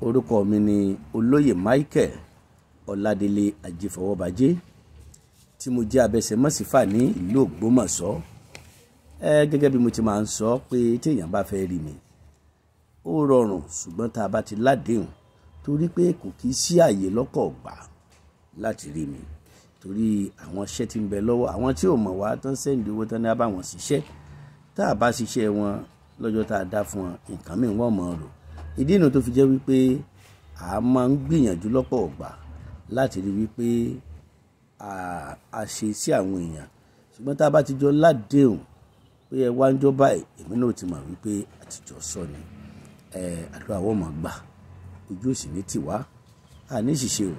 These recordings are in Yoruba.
orúkọ mi ni olóyè Michael Ọládélé Ajífọwọ́bajé tí mo jẹ́ abẹsẹ̀mọ́sífà ní ìlú Ògbómọ̀ṣọ́ ẹ gẹ́gẹ́ bí mo ti máa ń sọ pé téèyàn bá fẹ́ rí mi ó rọrùn ṣùgbọ́n tá a bá ti ládéhùn torí pé kò kí í sí àyè lọ́kọ̀ ọ̀gbà láti rí mi torí àwọn iṣẹ́ tí ń bẹ lọ́wọ́ àwọn tí ò mọ̀ wá tán sẹ́ǹdì owó tán ní abáwọn ṣiṣẹ́ tá a bá ṣiṣẹ́ wọn lọ́jọ́ tá a dá fún wọn nǹkan mìíràn wọ́n mọ̀ ọ́ rò ìdí ìnà tó fi jẹ́ wípé a máa ń gbìyànjú lọ́pọ̀ ọ̀gbà láti rí wípé a ṣe sí àwọn èèyàn ṣùgbọ́n tá a bá ti jọ ládéhùn pé ẹ wá ń jọ báyìí èmi náà ti mọ̀ wípé àtijọ́ sọ ni àdúrà wọ́n máa gbà ojú òsì ní tiwa àní ṣìṣe o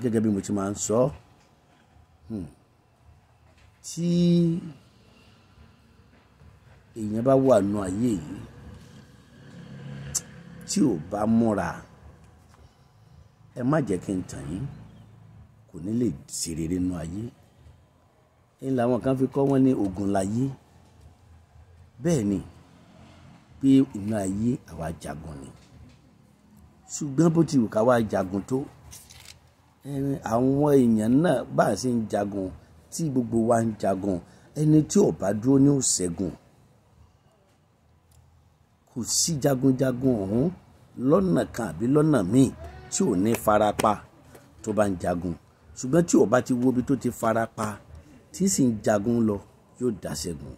gẹ́gẹ́ bí mo ti máa ń sọ hmm, tí èèyàn bá wà nù ayé yìí tí ò bá múra ẹ má jẹ́ kí n tàn yín kò ní lè ṣe rere nínú ayé ń làwọn kan fi kọ́ wọ́n ní ogun láyé bẹ́ẹ̀ ni pé inú ayé àwa jagun ni ṣùgbọ́n bó ti wù ká wá jagun tó àwọn èèyàn náà bá a ṣe ń jagun tí gbogbo wa ń jagun ẹni tí ò bá dúró ní òṣègùn kò sí jagunjagun ọ̀hún lọ́nà kan àbí lọ́nà míì tí ò ní farapa tó bá ń jagun ṣùgbọ́n tí ò bá ti wo ibi tó ti farapa tí sì ń jagun lọ yóò dàṣẹ́gun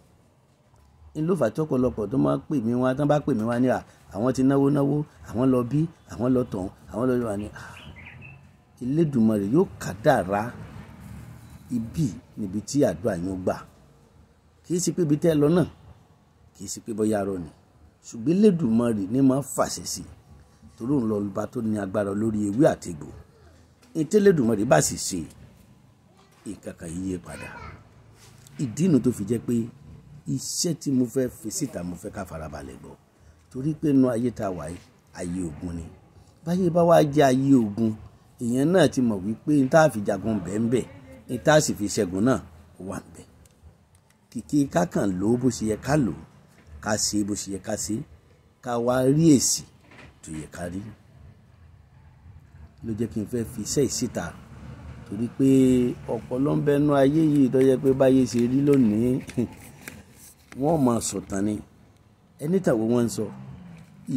ńlọ́fà tí ọ̀pọ̀lọpọ̀ tó máa ń pè mí wá tán bá pè mí wá ní à àwọn ti náwó náwó àwọn lọ bí àwọn lọ tàn àwọn lọ wà ní à Elédùmarè yóò kádàrá ibi níbi tí àdúrà yín ó gbà kì í sì pé ibi tẹ́ lọ náà kì í sì pé bóyá arọ ni ṣùgbọ́n Elédùmarè ní máa fàṣẹ sí torí òun lọ́ba tó ní agbára lórí ewé àtegbò ètè Elédùmarè bá sì ṣe nǹkan kan yíyẹ padà ìdí inú tó fi jẹ́ pé iṣẹ́ tí mo fẹ́ fi síta mo fẹ́ ká farabalẹ̀ gbọ́ torí pé inú ayé tá wà ayé ogun ni báyé bá wá jẹ́ ayé ogun èèyàn náà ti mọ̀ wípé n tá fi jagun bẹ́ẹ̀nbẹ́ n tá sì fi ṣẹ́gun náà wà ń bẹ̀ kìkì kákàn ló bó ṣe yẹ ká lò ká ṣe bó ṣe yẹ ká ṣe ká wá rí èsì tó yẹ ká rí ló jẹ́ kí n fẹ́ fi iṣẹ́ ìsíta torí pé ọ̀pọ̀lọ́ ń bẹnu ayé yìí tó yẹ pé báyé ṣe rí lónìí wọ́n máa sọ̀tàn ni ẹni tàwọn wọ́n ń sọ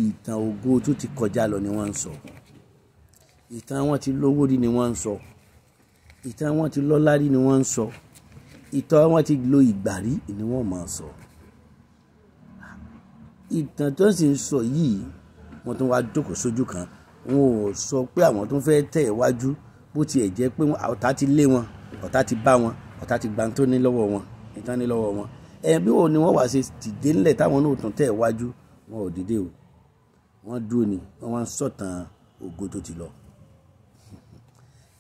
ìtàn ògo tó ti kọjá lọ ni wọ́n ń sọ ìtàn wọn ti lówó rí ni wọ́n ń sọ ìtàn wọn ti lọ́lá rí ni wọ́n ń sọ ìtàn wọn ti lo ìgbà rí ni wọ́n máa sọ. So ìtàn tó ń sì ń sọ yìí wọ́n tún wá jókòó sójú kan wọn ò sọ pé àwọn tó fẹ́ tẹ̀ iwájú bó tiẹ̀ jẹ́ pé ọ̀tá ti lé wọn ọ̀tá ti bá wọn ọ̀tá ti gba tó ní lọ́wọ́ wọn ìtàn ní lọ́wọ́ wọn ẹ bí wo ni wọ́n wá ṣe dìde ńlẹ̀ táwọn náà tún tẹ̀ iwájú wọn ò dìde o wọ́n dúró ni wọ́n wá ń sọ̀tàn ògo tó ti lọ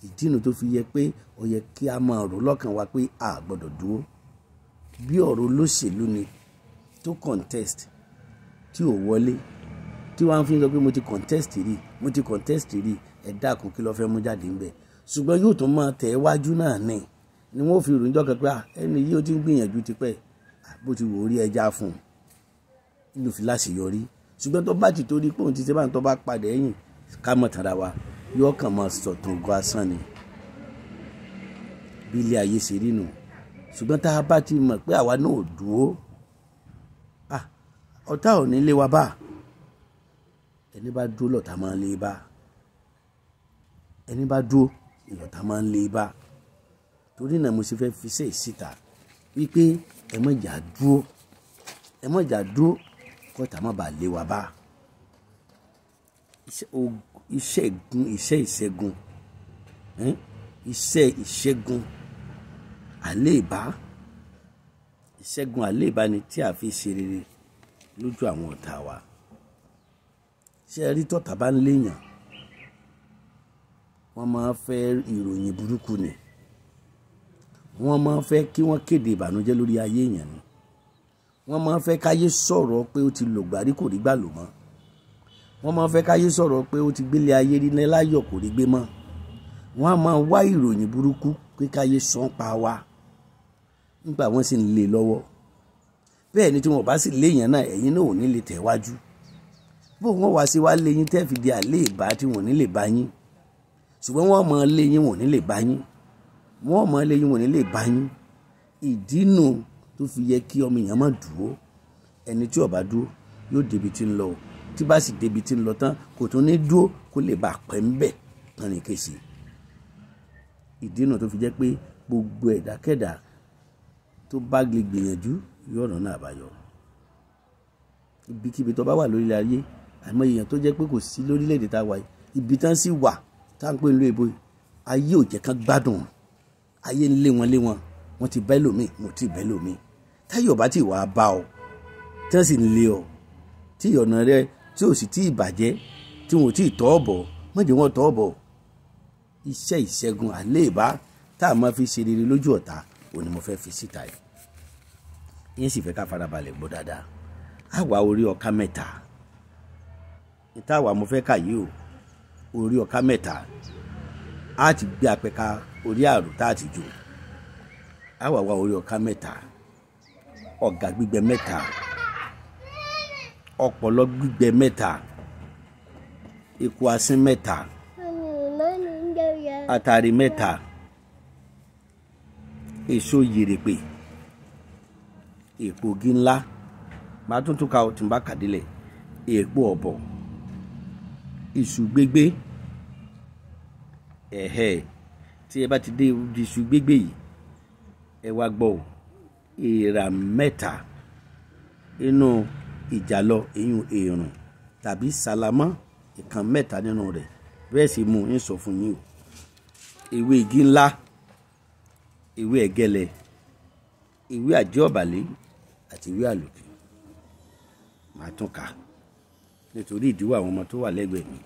ìdínú tó fi yẹ pé ó yẹ kí a máa rò lọ́kàn wa pé a gbọ́dọ̀ dúró bí ọ̀rọ̀ olóṣèlú ni tó contest tí ò wọlé tí wọ́n fi ń sọ pé mo ti contest rí mo ti contest rí ẹ dákun kí ló fẹ́ mú jáde ńbẹ̀ ṣùgbọ́n yóò tún máa tẹ̀ wájú náà ní ni wọ́n fi ròyìn jọ́kẹ́ pé ẹni yìí ó ti ń gbìyànjú tipẹ́ bó ti wò ó rí ẹja fún un ló fi láṣeyọrí ṣùgbọ́n tó bá ti torí pé òun ti ṣe báyìí tó bá padà ẹ̀yìn ká mọ̀ tara wa yóò kàn máa sọ̀tún ogun asán ni bí ilé ayé ṣe rí nù ṣùgbọ́n tá a bá ti mọ̀ pé àwa náà dúró ọ̀tá ò ní lé wa bá ẹni bá dúró lọ̀tá máa ń lé bá ẹni bá dúró lọ̀tá máa ń lé bá torí náà mo ṣe fẹ́ fi sẹ́yìn síta wípé ẹ má jà dúró ẹ má dúró kọ́tà má bàa lé wa bá iṣẹ́ ìgún iṣẹ́ ìṣẹ́gun iṣẹ́ ìṣẹ́gun àléèbá ìṣẹ́gun àléèbá ni tí a fi ṣe rere lójú àwọn ọ̀tá wa ṣé ẹ rí tọ́tà bá ń léèyàn wọ́n máa fẹ́ ìròyìn burúkú ni wọ́n máa fẹ́ kí wọ́n kéde ìbànújẹ́ lórí ayé èèyàn ni wọ́n máa fẹ́ káyé sọ̀rọ̀ pé ó ti lògbàrí kò rí gbà lò mọ́ wọ́n máa fẹ́ káyé sọ̀rọ̀ pé ó ti gbélé ayé rí láyọ̀ kò rí gbé mọ́ wọ́n máa wá ìròyìn burúkú pé káyé sàn pa wa nígbà wọ́n sì ń lé lọ́wọ́ bẹ́ẹ̀ ni tí wọn bá sì léèyàn náà ẹ̀yin náà ò ní lè tẹ̀wájú bó wọn wá sí wá léyìn tẹ́ fi di àlè ìbá tí wọn ò ní lè bá yín ṣùgbọ́n wọn mọ léyìn wọn ò ní lè bá yín wọn mọ léyìn wọn ò ní lè bá yín ìdínú tó fi yẹ kí ọmọ èèyàn má dúró ẹni tí ó dúró yóò débi tí ń lọ tí bá sì débi tí ń lọ tán kò tún ní dúró kó lè bá pẹ́ ń bẹ̀ tán ní kése ìdínú tó fi jẹ́ pé gbogbo ẹ̀dákẹ́dà tó bá gbìyànjú yóò náà àbáyọ ibikíbi tó bá wà lórí ayé àmọ́ èèyàn tó jẹ́ pé kò sí lórílẹ̀‐èdè tá a wà yìí ibi tán sì wà tá à ń pè ń lo èbó ayé ò jẹ́ kán gbádùn ayé ń lé wọn lé wọn wọn ti bẹ́ lómi mo ti bẹ́ lómi táyọ̀ bá ti wàá bá ọ tán sì ń lé ọ tí ọ̀nà rẹ tí ò sì tí ì tí wọn ò tí tọ́ ọ mọ̀jẹ̀ wọn tọ́ ọ iṣẹ́ ìṣẹ́gun àléèbá tá a máa fi ṣe rere lójú ọ̀tá òun mo fẹ́ fi síta yìí yín sì fẹ́ ká farabalẹ̀ gbọ́ dáadáa àwa orí ọ̀ka mẹ́ta ìtawà mo fẹ́ kà yìí o orí ọ̀ka mẹ́ta a ti gbé apẹ̀ka orí àrùn tá a ti jò àwa wa orí ọ̀ka mẹ́ta ọ̀gà gbígbẹ mẹ́ta ọ̀pọ̀lọ́ gbígbẹ mẹ́ta eku asín mẹ́ta atari mẹ́ta èso yèrèpè. E èpo igi ńlá màá tún tún ka ọ tí n bá kàdílẹ̀ èpo ọ̀bọ̀ iṣu gbégbé ẹ̀hẹ́ tí ẹ bá ti dé iṣu gbégbé yìí ẹ wá gbọ́ ọ èèrà mẹ́ta inú ìjàlọ ìyún èèrùn tàbí sàlámọ́ ìkan mẹ́ta nínú rẹ̀ bẹ́ẹ̀ sì mú ń sọ fún yín o ewé igi ńlá ewé ẹ̀gẹ́lẹ̀ ewé àjẹ́ ọ̀bàlẹ́ àti ìwé àlòkè màá tún kà nítorí ìdíwọ́ àwọn ọmọ tó wà lẹ́gbẹ̀ẹ́ mi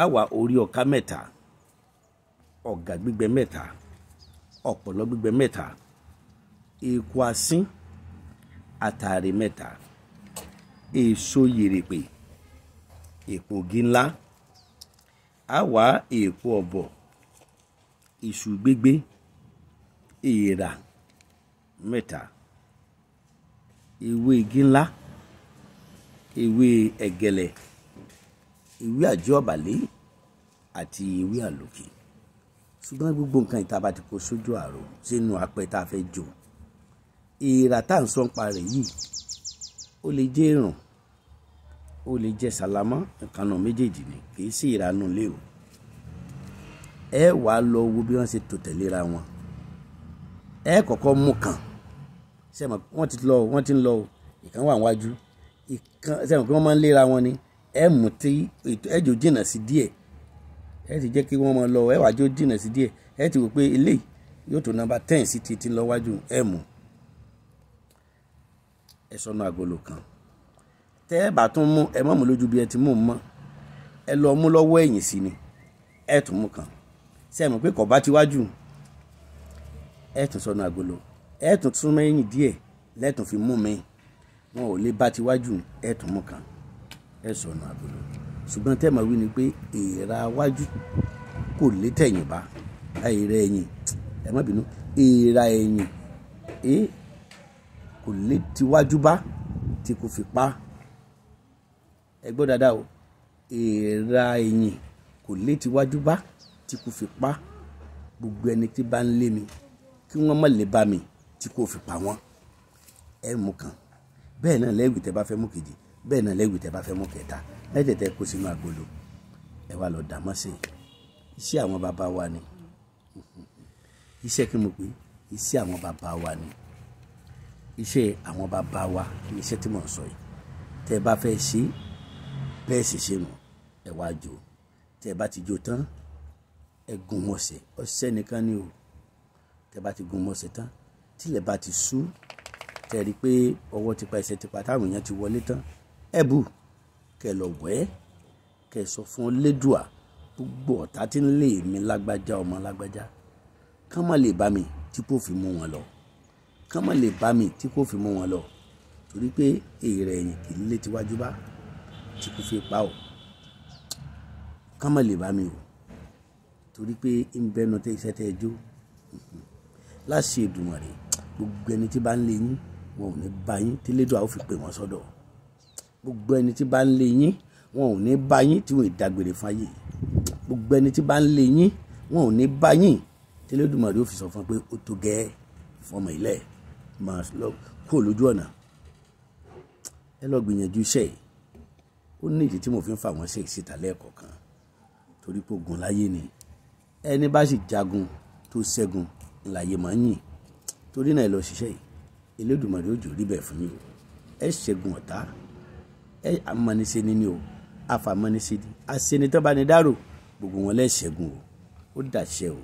á wà orí ọ̀ká mẹ́ta ọ̀gà gbígbẹ mẹ́ta ọ̀pọ̀lọ́ gbígbẹ mẹ́ta eku asín àtàrí mẹ́ta èso yèrèpè èpo gi á wà èpo ọ̀bọ̀ iṣu gbígbé èèrà mẹ́ta ewé igi ńlá ewé ẹ̀gẹ̀lẹ̀ ewé àjọbàlé àti ewé àlòkè ṣùgbọ́n gbogbo nǹkan ìta bá ti kó sójú àrò sínú apẹ tá a fẹ́ jò èèrà tá à ń sọ́n pa rẹ̀ yìí ó lè jẹ́ èrùn ó lè jẹ́ sàlámọ́ nǹkan náà méjèèjì ni kì í sí ìranú lé o ẹ wàá lọ wo bí wọ́n ṣe tò tẹ̀léra wọn ẹ kọ́kọ́ mú kan sẹ́mọ̀ wọ́n ti lọ wọ́n ti ń lọ o ìkan wà wájú ìkan sẹ́mọ̀ pé wọ́n máa ń léra wọn ni ẹ mú tí ẹjọ jìnnà sí díẹ̀ ẹ ti jẹ́ kí wọ́n máa lọ ẹ wàá jó jìnnà sí díẹ̀ ẹ ti wò pé eléyìí yóò tó nọ́mbà ten sí ti ti lọ wájú ẹ mú ẹ sọnù àgọlò kan tẹ ẹ bá tún mú ẹ má mú lójú bí ẹ ti mú un mọ́ ẹ lọ mú lọ́wọ́ ẹ̀yìn sí ni ẹ tún mú kan sẹ́mi pé kọ̀ bá ti wájú ẹ tún sọnù àgọlò ẹ̀ẹ́tùn tún mẹ́yìn díẹ̀ lẹ́tùn fi mú mi wọn ò lè bá tiwájú ẹ̀ẹ́tùn mú kan ẹ̀ sọnù àbúrò ṣùgbọ́n tẹ́ẹ̀mọ̀ wí ni pé èèrà wájú kò lè tẹ̀yìn bá èèrà ẹ̀yìn ẹ̀ má bínú èèrà ẹ̀yìn ẹ̀ kò lè tiwájú bá tí kò fi pa ẹ gbọ́ dáadáa o èèrà ẹ̀yìn kò lè tiwájú bá tí kò fi pa gbogbo ẹni tí bá ń lé mi kí wọ́n má lè bá mi tí kò fi pa wọ́n ẹ mú kan bẹ́ẹ̀ náà lẹ́wì tẹ́ bá fẹ́ mú kejì bẹ́ẹ̀ náà lẹ́wì tẹ́ bá fẹ́ mú kẹta mẹ́tẹ̀ẹ̀tẹ̀ kó sínú agolo ẹ wá lọ dàmọ́ sí i iṣẹ́ àwọn bàbá wa ni iṣẹ́ kí mo pè iṣẹ́ àwọn bàbá wa ni iṣẹ́ àwọn bàbá wa ni iṣẹ́ tí mò ń sọ yìí tẹ́ bá fẹ́ ṣe bẹ́ẹ̀ sì ṣe nù ẹ wá jó tẹ́ bá ti jó tán ẹ gún mọ̀ọ́sẹ̀ ọ̀sẹ̀ nìkan ni o tẹ́ bá ti gún mọ̀ọ́sẹ̀ tán tílẹ̀ bá ti sú tẹ̀rí pé ọwọ́ tipa ẹsẹ̀ tipa táwọn èèyàn ti wọlé tán ẹ̀bù kẹ lọ wẹ́ kẹ sọ fún Elédùà gbogbo ọ̀tá tí ń lé mi lágbájá ọmọ lágbájá kán má lè bá mi tí kò fi mú wọn lọ kán má lè bá mi tí kò fi mú wọn lọ torí pé èrè ẹ̀yìn kì í lé tiwájú bá tí kò fi pa ọ́ kán má lè bá mi o torí pé ń bẹnu tẹ iṣẹ́ tẹ ẹjọ́ láṣẹ Èdùmàrè gbogbo ẹni tí bá ń lé yín wọn ò ní bá yín tí lédò àwọn fi pè wọn sọ́dọ̀ gbogbo ẹni tí bá ń lé yín wọn ò ní bá yín tí wọn ì dágbére fáyé gbogbo ẹni tí bá ń lé yín wọn ò ní bá yín tí Elédùmarè ó fi sọ fún pé ó tó gẹ́ fọmọ ilẹ̀ máa lọ kó lójú ọ̀nà ẹ lọ gbìyànjú iṣẹ́ ó ní ìdí tí mo fi ń fà wọ́n ṣe ìsìta lẹ́ẹ̀kọ̀ọ̀kan torí pé ogun láyé ni ẹni bá sì jagun tó ṣẹ́gun láyé máa ń yìn torí náà ẹ lọ ṣiṣẹ́ yìí Elédùmarè òjò rí bẹ́ẹ̀ fún yín o ẹ ṣẹ́gun ọ̀tá ẹ amánise níní o afamánise ni asenitọ́banidárò gbogbo wọn lẹ ṣẹ́gun o ó dàṣẹ o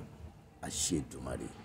àṣẹ Èdùmarè.